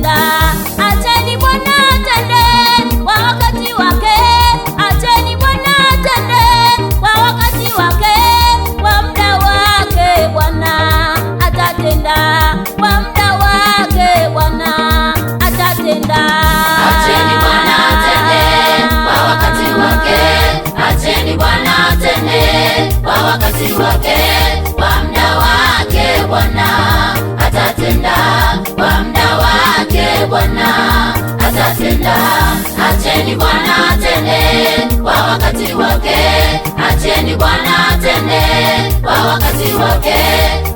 Musa, acheni Bwana atende kwa wakati wake, acheni Bwana atende kwa wakati wake, kwa muda wake Bwana atatenda, kwa muda wake Bwana atatenda. wakati wake senda. Acheni Bwana atende kwa wakati wake, acheni Bwana atende kwa wakati wake,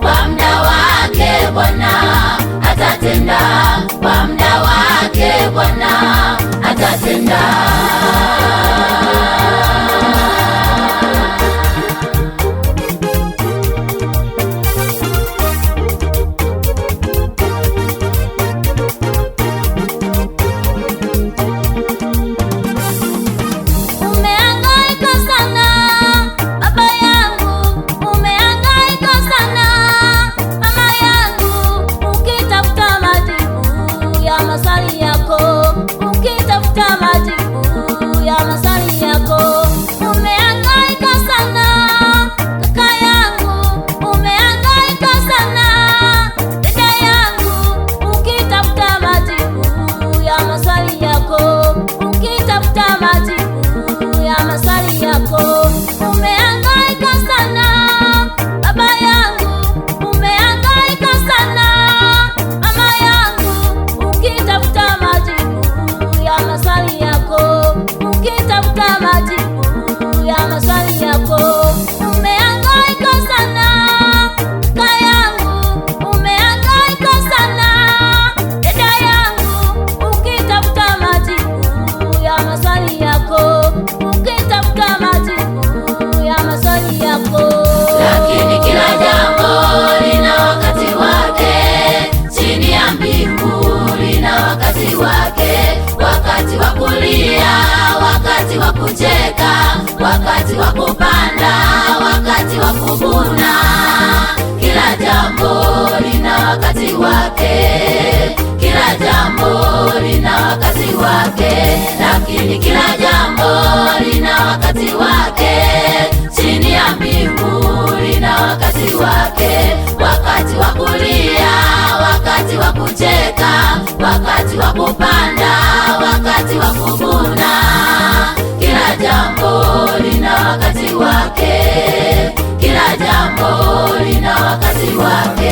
kwa muda wake Bwana atatenda, kwa muda wake Bwana maswali yako, ukitafuta majibu ya maswali yako kucheka, wakati wa kupanda, wakati wa kuvuna. Kila jambo lina wakati wake, kila jambo lina wakati wake, lakini kila jambo lina wakati wake, chini ya mbingu lina wakati wake, wakati wa kulia, wakati wa kucheka, wakati wa kupanda, wakati wa uasi wake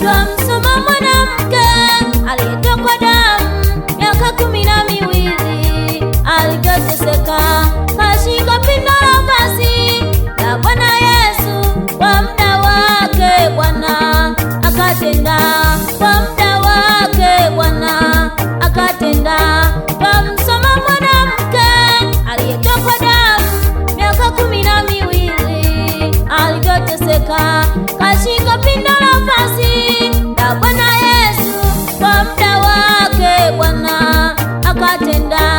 Plum Italian. tendrá.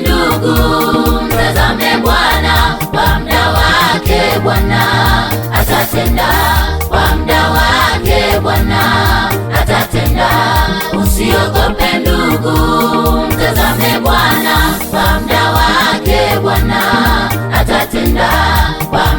ndugu, mtazame Bwana kwa muda wake Bwana atatenda, kwa muda wake Bwana atatenda. Usiogope ndugu, mtazame Bwana kwa muda wake Bwana atatenda kwa